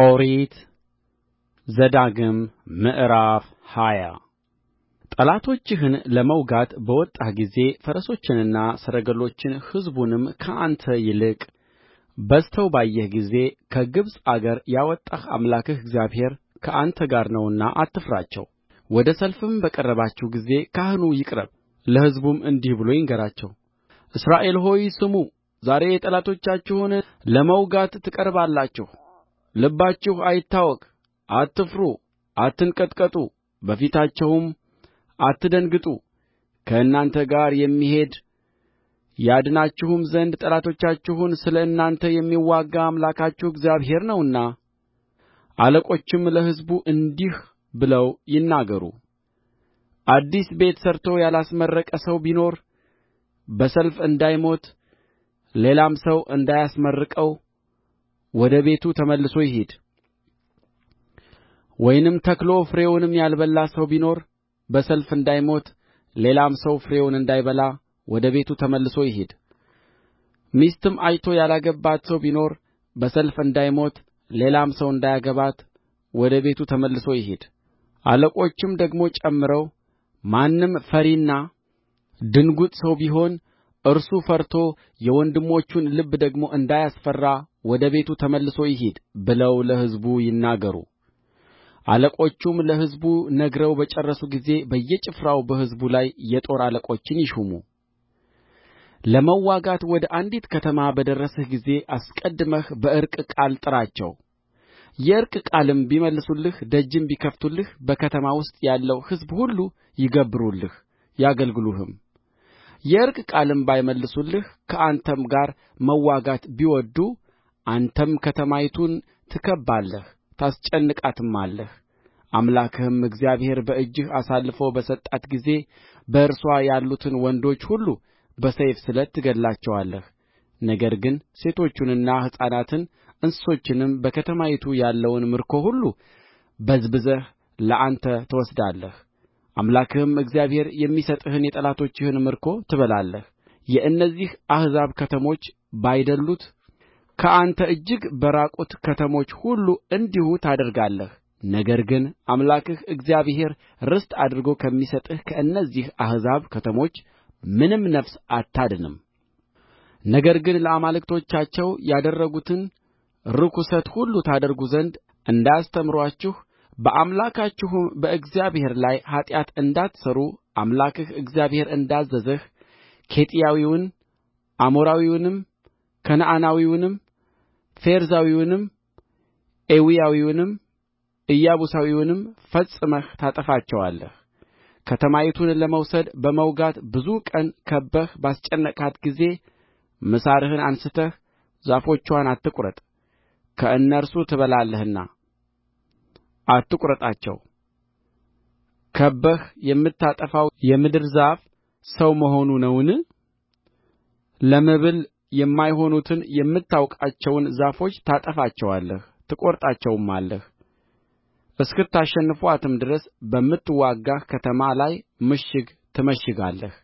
ኦሪት ዘዳግም ምዕራፍ ሃያ ጠላቶችህን ለመውጋት በወጣህ ጊዜ ፈረሶችንና ሰረገሎችን ሕዝቡንም ከአንተ ይልቅ በዝተው ባየህ ጊዜ ከግብፅ አገር ያወጣህ አምላክህ እግዚአብሔር ከአንተ ጋር ነውና አትፍራቸው። ወደ ሰልፍም በቀረባችሁ ጊዜ ካህኑ ይቅረብ፣ ለሕዝቡም እንዲህ ብሎ ይንገራቸው። እስራኤል ሆይ ስሙ፣ ዛሬ ጠላቶቻችሁን ለመውጋት ትቀርባላችሁ ልባችሁ አይታወክ አትፍሩ አትንቀጥቀጡ በፊታቸውም አትደንግጡ ከእናንተ ጋር የሚሄድ ያድናችሁም ዘንድ ጠላቶቻችሁን ስለ እናንተ የሚዋጋ አምላካችሁ እግዚአብሔር ነውና አለቆችም ለሕዝቡ እንዲህ ብለው ይናገሩ አዲስ ቤት ሠርቶ ያላስመረቀ ሰው ቢኖር በሰልፍ እንዳይሞት ሌላም ሰው እንዳያስመርቀው ወደ ቤቱ ተመልሶ ይሂድ። ወይንም ተክሎ ፍሬውንም ያልበላ ሰው ቢኖር በሰልፍ እንዳይሞት ሌላም ሰው ፍሬውን እንዳይበላ ወደ ቤቱ ተመልሶ ይሂድ። ሚስትም አጭቶ ያላገባት ሰው ቢኖር በሰልፍ እንዳይሞት ሌላም ሰው እንዳያገባት ወደ ቤቱ ተመልሶ ይሂድ። አለቆችም ደግሞ ጨምረው ማንም ፈሪና ድንጉጥ ሰው ቢሆን እርሱ ፈርቶ የወንድሞቹን ልብ ደግሞ እንዳያስፈራ ወደ ቤቱ ተመልሶ ይሂድ ብለው ለሕዝቡ ይናገሩ አለቆቹም ለሕዝቡ ነግረው በጨረሱ ጊዜ በየጭፍራው በሕዝቡ ላይ የጦር አለቆችን ይሹሙ ለመዋጋት ወደ አንዲት ከተማ በደረስህ ጊዜ አስቀድመህ በዕርቅ ቃል ጥራቸው የዕርቅ ቃልም ቢመልሱልህ ደጅም ቢከፍቱልህ በከተማ ውስጥ ያለው ሕዝብ ሁሉ ይገብሩልህ ያገልግሉህም የዕርቅ ቃልም ባይመልሱልህ ከአንተም ጋር መዋጋት ቢወድዱ አንተም ከተማይቱን ትከብባለህ ታስጨንቃትማለህ አምላክህም እግዚአብሔር በእጅህ አሳልፎ በሰጣት ጊዜ በእርስዋ ያሉትን ወንዶች ሁሉ በሰይፍ ስለት ትገድላቸዋለህ ነገር ግን ሴቶቹንና ሕፃናትን እንስሶችንም በከተማይቱ ያለውን ምርኮ ሁሉ በዝብዘህ ለአንተ ትወስዳለህ አምላክህም እግዚአብሔር የሚሰጥህን የጠላቶችህን ምርኮ ትበላለህ የእነዚህ አሕዛብ ከተሞች ባይደሉት ከአንተ እጅግ በራቁት ከተሞች ሁሉ እንዲሁ ታደርጋለህ ነገር ግን አምላክህ እግዚአብሔር ርስት አድርጎ ከሚሰጥህ ከእነዚህ አሕዛብ ከተሞች ምንም ነፍስ አታድንም ነገር ግን ለአማልክቶቻቸው ያደረጉትን ርኵሰት ሁሉ ታደርጉ ዘንድ እንዳያስተምሩአችሁ በአምላካችሁም በእግዚአብሔር ላይ ኃጢአት እንዳትሠሩ አምላክህ እግዚአብሔር እንዳዘዘህ ኬጢያዊውን አሞራዊውንም ከነዓናዊውንም ፌርዛዊውንም ኤዊያዊውንም ኢያቡሳዊውንም ፈጽመህ ታጠፋቸዋለህ ከተማይቱን ለመውሰድ በመውጋት ብዙ ቀን ከብበህ ባስጨነቅሃት ጊዜ ምሳርህን አንሥተህ ዛፎችዋን አትቍረጥ ከእነርሱ ትበላለህና አትቍረጣቸው ከብበህ የምታጠፋው የምድር ዛፍ ሰው መሆኑ ነውን ለመብል የማይሆኑትን የምታውቃቸውን ዛፎች ታጠፋቸዋለህ ትቈርጣቸውማለህ እስክታሸንፋትም ድረስ በምትዋጋህ ከተማ ላይ ምሽግ ትመሽጋለህ